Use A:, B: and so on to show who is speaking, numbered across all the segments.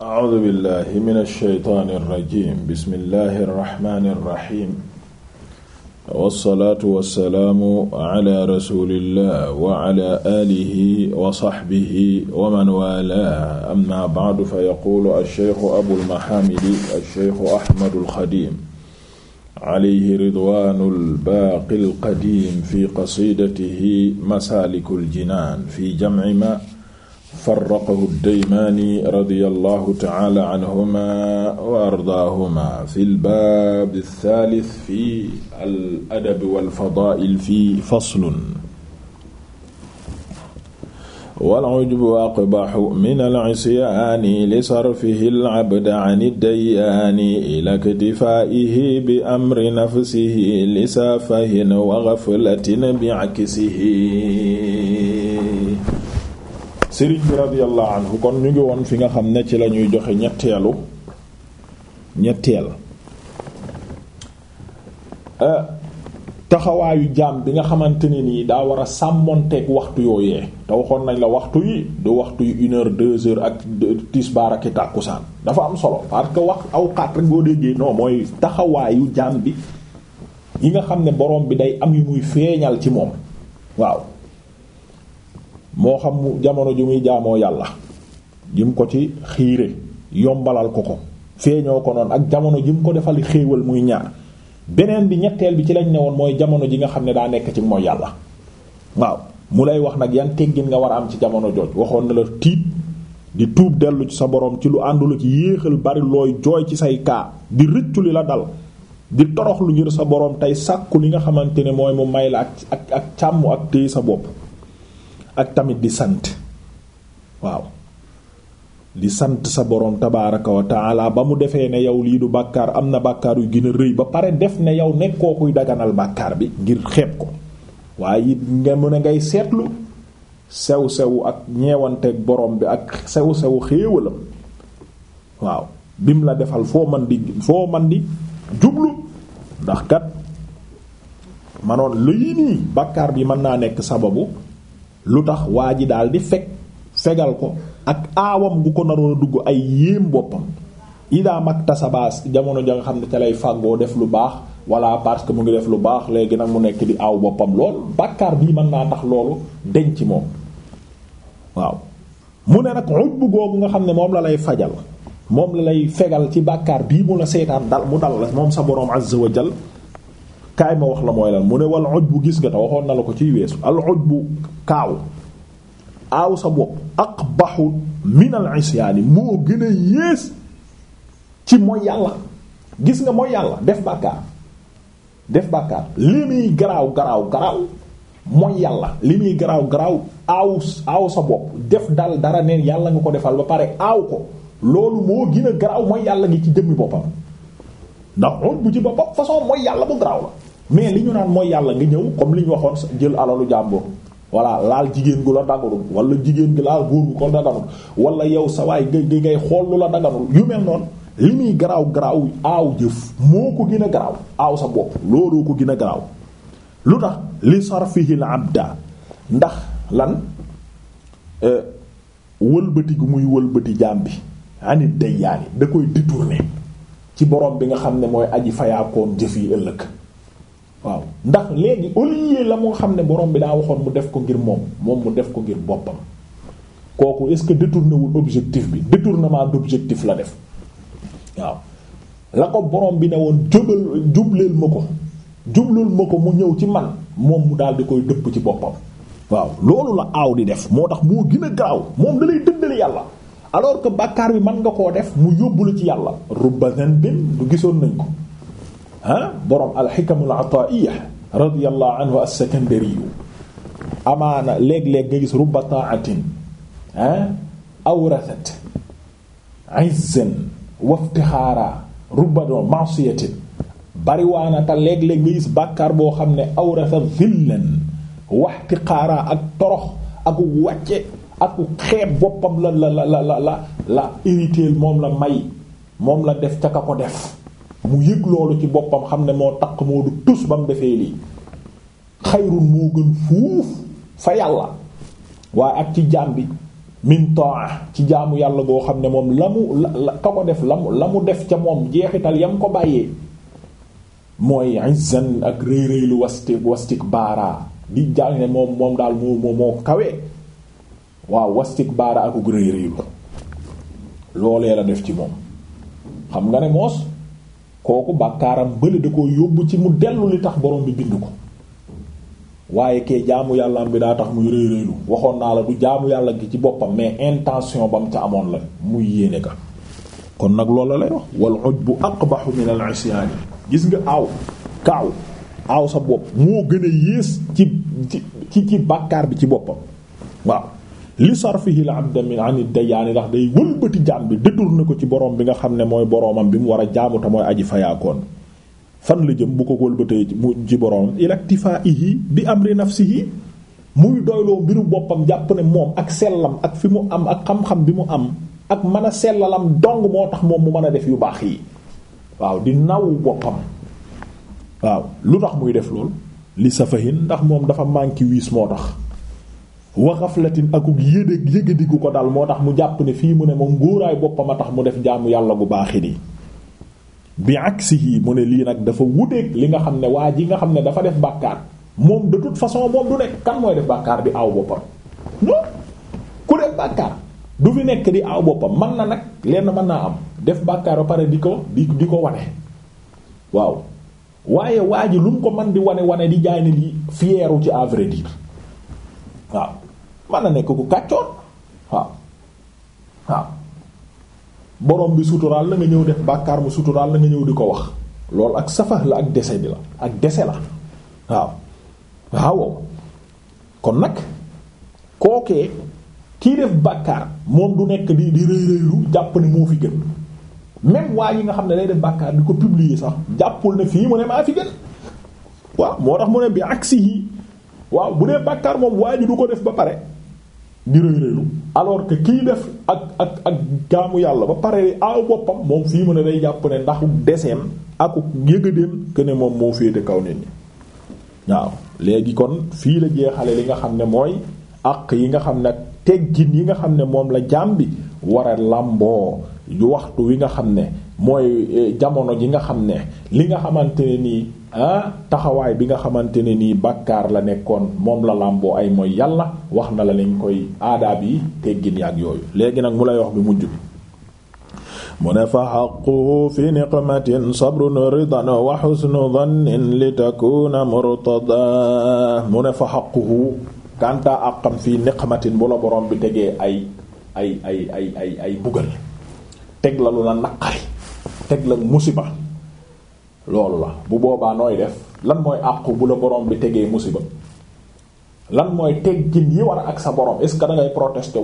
A: A'uuzu billaahi mina shaytaani rajiim bismillaahi rahmaani rahiim. Wassalaatu wassalaamu alaa rasuulillaah wa alaa aalihi wa sahbihi wa man waalaahu ammaa ba'du fa yaquulu ash-shaykhu abul mahaamidi ash-shaykhu Ahmadul Xadiim alayhi ridwaanul baaqil qadiim fi qasiidatihi masaalikul jinaan fi jam'i maa farraqahu ad-Daymaani radiyallahu ta'ala anhumaa wa ardaahumaa fi al-baab ath-thaalith fi al-adab wal-fadaa'il fi faslun wal-'ujbu aqbahu min al-'isyaani li-sarfihi al-'abda 'ani ad-dayyaani ilaa iktifaa'ihi bi-amri nafsihi li-saafahin wa ghaflatin bi-'aksihi sëriñ bi radiyallahu anhu kon ñu ngi woon fi nga xam ne ci la ñuy joxe ñetteelu ñetteel euh, taxawaayu jaam bi nga xamante ne nii daa war a sàmmonteeg waxtu yooyee te nañ la waxtu yi du waxtu yi une heure deux heures ak tisbaar ak tàkkusaan dafa am solo parce que wax awqaat rek boo déggee non mooy taxawaayu jaam bi yi nga xam ne borom bi day am yu muy feeñal ci moom waaw moo xam mu jamono ju muy jaamoo yàlla jim ko ci xiire yombalal ko ko feeñoo ko noonu ak jamono jim ko defal xéewal muy ñaar beneen bi ñetteel bi ci lañ ne woon mooy jamono ji nga xam ne daa nekk ci mooy yàlla waaw mu lay wax nag yan teggin nga war a am ci jamono jooj waxoon na la tiit di tuub dellu ci sa boroom ci lu àndul ci yéexal bari looy jooy ci say kaa di rëccu li la dal di torox lu ngir sa borom tey sàkku li nga xamante ne mooy mu may la ak ak ak càmm ak téye sa bopp ak tamit di sant waaw di sant sa boroom tabaaraka wa ba mu defee ne yow lii du bàkkaar am na bàkkaar yu gën a rëy ba pare def ne yow nekkoo kuy daganal bàkkaar bi ngir xeeb ko waaye it nga mën ngay seetlu sew sew ak ñeewanteeg boroom bi ak sew sew xéewalam waaw bi mu la defal foo man di foo man di jublu ndax kat manoon lii nii bàkkaar bi mën naa nekk sababu lu tax waa ji daal di fekk fegal ko ak aawam gu ko naroon a dugg ay yéem boppam ida mag tasabaas jamono ja nga xam ne ca lay fàggoo def lu baax wala parce que mu ngi def lu baax léegi nag mu nekk di aaw boppam lool bàkkaar bii mën naa tax loolu denc moom waaw mu ne nag xutb googu nga xam ne moom la lay fajal moom la lay fegal ci bàkkaar bii mu la seetaan dal mu dal la moom sa boroom azza wa jal kaay ma wax la mooy lan mu ne wal oj bu gis nga te waxoon na la ko ciy weesu al oj bu kaaw aaw sa bopp aqbahu min al isyaani moo gën a yées ci mooy yàlla gis nga mooy yàlla def bàkkaar def bàkkaar li muy garaaw garaaw garaaw mooy yàlla li muy garaaw garaaw aaw sa bopp def dal dara neen yàlla nga ko defal ba pare aaw ko loolu moo gën a garaaw mooy yàlla gi ci jëmmi boppam ndax oj bu ci boppam façon mooy yàlla bu garaaw la mais li ñu naan mooy yàlla nga ñëw comme li ñu waxoon jël alalu jàmbur voilà laal jigéen gu la daganul wala jigéen gi laal góor gu ko daganul wala yow sa waay gi ngay xool lu la daganul yu mel noon li muy garaaw garaaw aaw jëf moo ko gën a garaaw aaw sa bopp looloo ko gën a garaaw lu tax li sarfihi al abda ndax lan euh, wëlbati gu muy wëlbati jaam bi anit day yaani da koy détourner ci borom bi nga xam ne mooy aji fayaakoon jëf yi ëllëg waaw ndax léegi au lieu la moo xam ne borom bi daa waxoon mu def ko ngir moom moom mu def ko ngir boppam kooku est-ce que détourné wul objectif bi détournement d'objectif la def waaw la ko borom bi ne woon jubal jubleel ma ko jubleel ma ko mu ñëw ci man moom mu daal di koy dëpp ci boppam waaw loolu la aaw di def moo tax moo gën a garaaw moom da lay dëddale yàlla alors que bakkaar bi man nga koo def mu yóbbu la ci yàlla rubba zanbin du gisoon nañ ko ah borom alxikamul ataiya radiyallahu anhu as-Sakandari amaana léeg-léeg nga gis rubba ta'atin ah awrathat izzan waftixaara rubba ma'siyatin bariwaana te léeg-léeg nga gis bàkkaar boo xam ne awrathat zillan waxtixaara ak torox ak wàcce ak xeet boppam la la la la la la la moom la may moom la def ca ko def mu yëg loolu ci boppam xam ne moo taq moo du tus ba mu defee lii xayrun moo gën fuuf fa yàlla waaye ak ci jaam bi min ci jaamu yàlla goo xam ne moom la mu la ka ko def la mu def ca moom jeexital yam ko bàyyee mooy ak rëy rëylu wasti wastik baara di jàng ne moom moom daal moo moo moo kawee waaw wastik baara akuk rëy rëylu loolee la def ci moom xam nga ne moos kooku bàkkaaram bële da koo yóbbu ci mu dellu li tax boroom bi bind ko waaye kee jaamu yàllaam bi daa tax muy rëy rëylu waxoon naa la du jaamu yàlla gi ci boppam mais intention bam mu ca amoon la muy yéene ka kon nag loolu lay wax wal ujbu aqbahu min al isyaani gis nga aaw kaaw aaw sa bopp moo gën a yées ci ci ci bàkkaar bi ci boppam waaw li sarfihi la abda min ani dayaani ndax day wëlbati jaam bi détourné ko ci borom bi nga xam ne mooy boromam bi mu war a jaamu te mooy aji fayaakoon fan la jëm bu ko wëlbatee mu ci boromam i iktifaa'ihi bi am amri nafsihi muy doyloo mbiru boppam jàpp ne moom ak sellam ak fi mu am ak xam-xam bi mu am ak mën a sellalam dong moo tax moom mu mën a def yu baax yi waaw di naw boppam waaw lu tax muy def lool li safahin ndax moom dafa manqué wiis moo tax wa xaflatin akuk yëdég yëgadigu ko dal moo tax mu jàpp ne fii mu ne moom góoraay boppam a tax mu def jaamu yàlla gu baaxi nii bi aksihi mu ne lii nag dafa wuteeg li nga xam ne waa ji nga xam ne dafa def bàkkaar moom de toute façon moom du nekk kan mooy def bàkkaar bi aw boppam non ku def bàkkaar du fi nekk di aw boppam man na nag lenn mën naa am def bàkkaar ba pare di ko di di ko wane waaw waaye waa ji lu mu ko man di wane wane di jaay ne lii fiyeeru ci à vrai waaw man na nekk ku kàccoon waaw waaw borom bi suturaal la nga ñëw def bàkkaar mu suturaal la nga ñëw di ko wax loolu ak safax la ak dese bi la ak dese la waaw waaw kon nag kookee kii def bàkkaar moom du nekk di di rëy rëylu jàpp ne moo fi gën même waa yi nga xam ne day def bàkkaar di ko publier sax jàppul ne fii mu ne maa fi gën waaw moo tax mu ne bi aksi yi waaw bu dee bàkkaar moom waa ji du ko def ba pare di rëy rëylu alors que kiy def ak ak ak jaamu yàlla ba pare aw boppam moom fii mën ne day jàpp ne ndaxu deseem aku yëgadeem que ne moom moo féete kaw nit ñi waaw léegi kon fii la jeexale li nga xam ne mooy àq yi nga xam ne ak teggin yi nga xam ne moom la jaam bi war a làmboo waxtu wi nga xam ne mooy eh, jamono ji nga xam ne li nga xamante ne nii ah taxawaay bi nga xamante ne nii bàkkaar la nekkoon moom la làmboo ay mooy yàlla wax na la lañ koy aadaab yi teggin yaak yooyu léegi nag mu lay wax bi mujj bi mu ne fa xaquhu fi niqmatin sabrun ridan wa husnu dhannin li takuna murtada mu ne fa xaquhu kanta àqam fii niqmatin bu la boroom bi tegee ay ay ay ay ay ay la lu la naqari teg la musiba loolu la bu boobaa nooy def lan mooy àqu bu la borom bi tegee musiba lan mooy teggin yi war ak sa borom est ce que da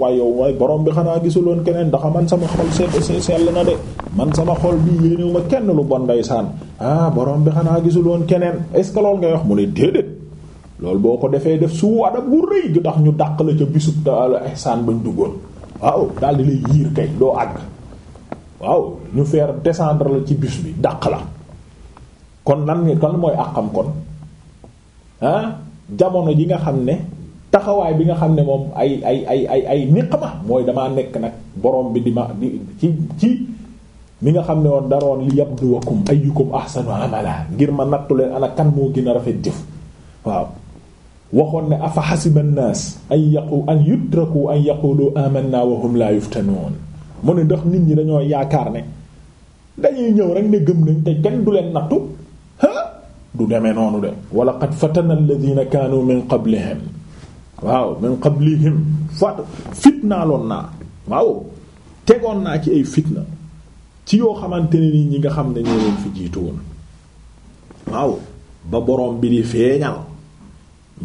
A: waaye yow waaye borom bi xanaa gisuloon keneen ndax man sama xol seet sell na de man sama xol bi yéenewu ma kenn lu bon ndeysaan ah borom bi xanaa gisuloon keneen est ce que loolu ngay wax mu ne déedéet loolu boo ko defee def su adab bu rëy gi tax ñu dàq la ca bisub daal ihsaan bañ duggoon waaw daal di lay yiir kay doo àgg waaw ñu faire descendre la ci bis bi dàq la. kon lan kon mooy àqam kon ah jamono ji nga xam ne taxawaay bi nga xam ne moom ay ay ay ay ay niqma mooy dama nekk nag borom bi di ma ci ci mi nga xam ne woon daroon li yabluwakum ayyukum ahsanu amala ngir ma nattu leen ana kan moo gën a rafet jëf waaw waxoon ne afa xasiba ay an yaqu an ay an yaqulu amanna wa hum la yuftanun mu ne ndax nit ñi dañoo yaakaar ne dañuy ñëw rek ne gëm nañ te kenn du leen nattu du demee noonu de wala qad fatana alladhina kaanu min qablihim waaw min qablihim fat fitnaaloon naa waaw tegoon naa ci ay fitna ci yoo xamante ne nii ñi nga xam ne ñoo fi jiitu woon waaw ba borom bi di feeñal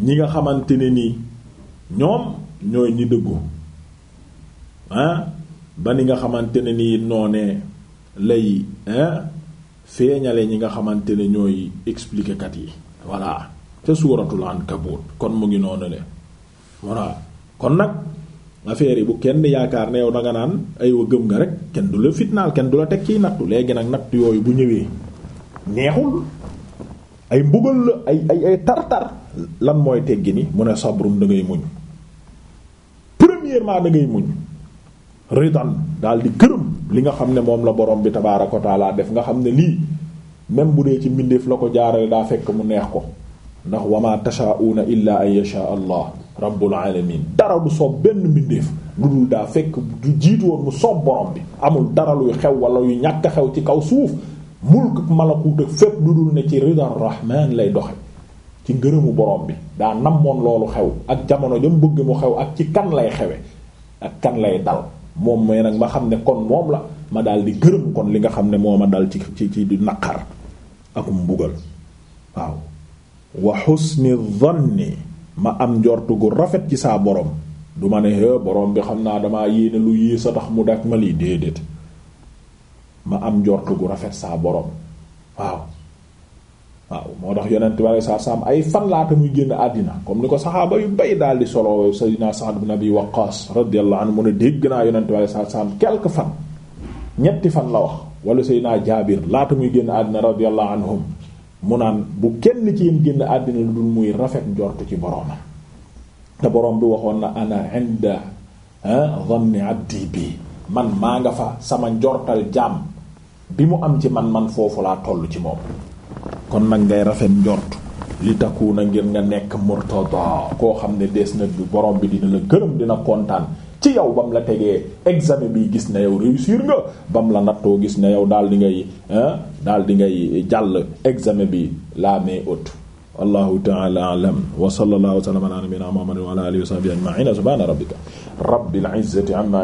A: ñi nga xamante ne nii ñoom ñooy ñi dëggu ah ba ni nga xamante ne nii noone lay ah feeñale ñi nga xamante ne ñooy expliquer kat yi voilà ca suuratul ankabut kon mu ngi noonu ne voilà kon nag affaire bu kenn yaakaar ne yow danga naan ay wa gëm nga rek kenn du la fitnaal kenn du la teg ciy nattu léegi nag nattu yooyu bu ñëwee neexul ay mbugal la ay tar-tar lan mooy teggi ni mu ne sabrum da ngay muñ premièrement da ngay muñ ridan daal di gërëm li nga xam ne moom la borom bi tabaaraka wa taala def nga xam ne lii même bu dee ci mbindeef la ko jaarale daa fekk mu neex ko ndax wama tashaa'una illa an yasha allah rabbul alamin dara du soob benn mbindeef lu dul daa fekk du jiit woon mu soob borom bi amul dara luy xew wala yu ñàkk xew ci kaw suuf mulk malakut ak fépp lu dul ne ci ridan rahman lay doxe ci ngërëmu borom bi daa namoon loolu xew ak jamono jam bëgg mu xew ak ci kan lay xewe ak kan lay dal moom mooy nag ma xam ne kon moom la ma daal di gërëm kon li nga xam ne moo ma dal ci ci ci di naqar akum mbugal waaw wa husni dhanni ma am njortu gu rafet ci saa borom du ma ne hé borom bi xam naa dama yéene lu yii sa tax mu dak ma lii déedéet ma am njortu gu rafet saa borom waaw waaw moo tax yonent bi alayhi ay fan laata muy génn àddina comme ni ko saxaaba yu bay daal di solo sayyidina Sa'd ibn Abi Waqqas radiyallahu anhu mu ne dégg naa yonent bi alayhi salaam quelque fan ñetti fan la wax wala sayyidina Jaabir laata muy génn àddina radiyallahu anhum mu naan bu kenn ci yéen génn àddina lu dul muy rafet njort ci boroomam te boroom bi waxoon na ana inda dhanni abdi bi man maa nga fa sama njortal jaam bi mu am ci man man foofu laa tollu ci moom kon nag ngay rafet njort li na ngir nga nekk murtada koo xam ne des na du borom bi dina la gërëm dina kontaan ci yow ba mu la tegee examen bi gis na yow réussir nga ba mu la nattoo gis na yow daal di ngay daal di ngay jàll examen bi la main haute wallahu ta'ala a'lam wa sallallahu wa sallama ala nabiyyina muhammadin wa ala alihi wa sahbihi ajma'in rabbika rabbil izzati